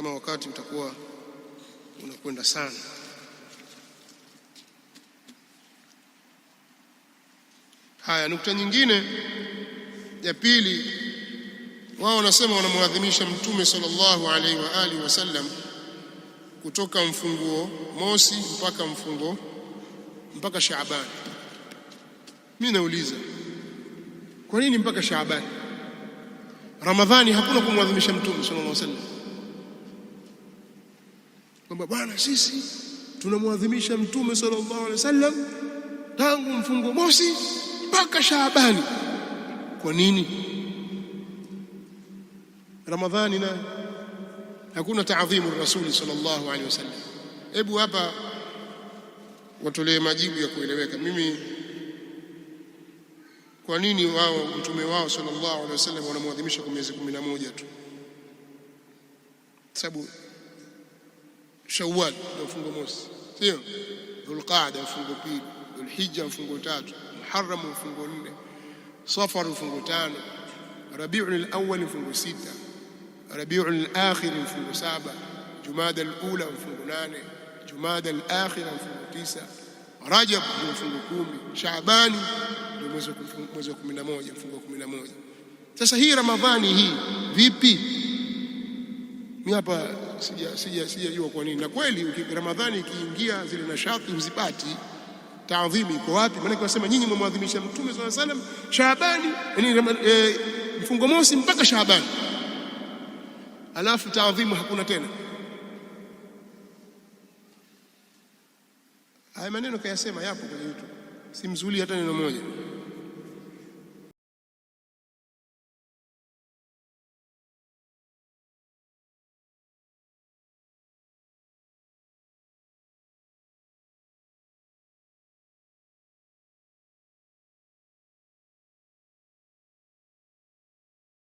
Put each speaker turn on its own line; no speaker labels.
kama wakati utakuwa unakwenda sana. Haya, nukta nyingine ya pili, wao wanasema wanamwadhimisha Mtume sallallahu alaihi wa alihi wasallam kutoka mfunguo mosi mpaka mfungo mpaka Shaaban. Mimi nauliza kwa nini mpaka Shaaban? Ramadhani hakuna kumwadhimisha Mtume sallallahu alaihi wasallam kwamba bwana, sisi tunamwadhimisha Mtume sallallahu alaihi wasallam tangu mfungo mosi mpaka Shaabani. Kwa nini? Ramadhani na hakuna taadhimu rasuli sallallahu alaihi wasallam. Hebu hapa watolee majibu ya kueleweka. Mimi kwa nini wao mtume wao sallallahu alaihi wasallam wanamwadhimisha kwa miezi 11 tu? sababu Shawwal ndio mfungo mosi, sio Dhulqaada mfungo pili, Dhulhijja mfungo tatu, Muharram mfungo nne, Safar mfungo tano, Rabiul Awwal mfungo sita, Rabiul Akhir mfungo saba, Jumada al-Ula mfungo nane, Jumada al-Akhir mfungo tisa, Rajab ndio mfungo kumi, Shaabani ndio mwezi wa kumi na moja mfungo wa kumi na moja. Sasa hii Ramadhani hii vipi? ni hapa sijajua sija, sija kwa nini. Na kweli Ramadhani ikiingia zile nashati huzipati, taadhimi iko wapi? Maanake wanasema nyinyi mwaadhimisha Mtume swalla salam Shaabani, yani e, mfungo mosi mpaka Shaabani, alafu taadhimu hakuna tena. Haya maneno kayasema, yapo kwenye YouTube, simzuli hata neno moja.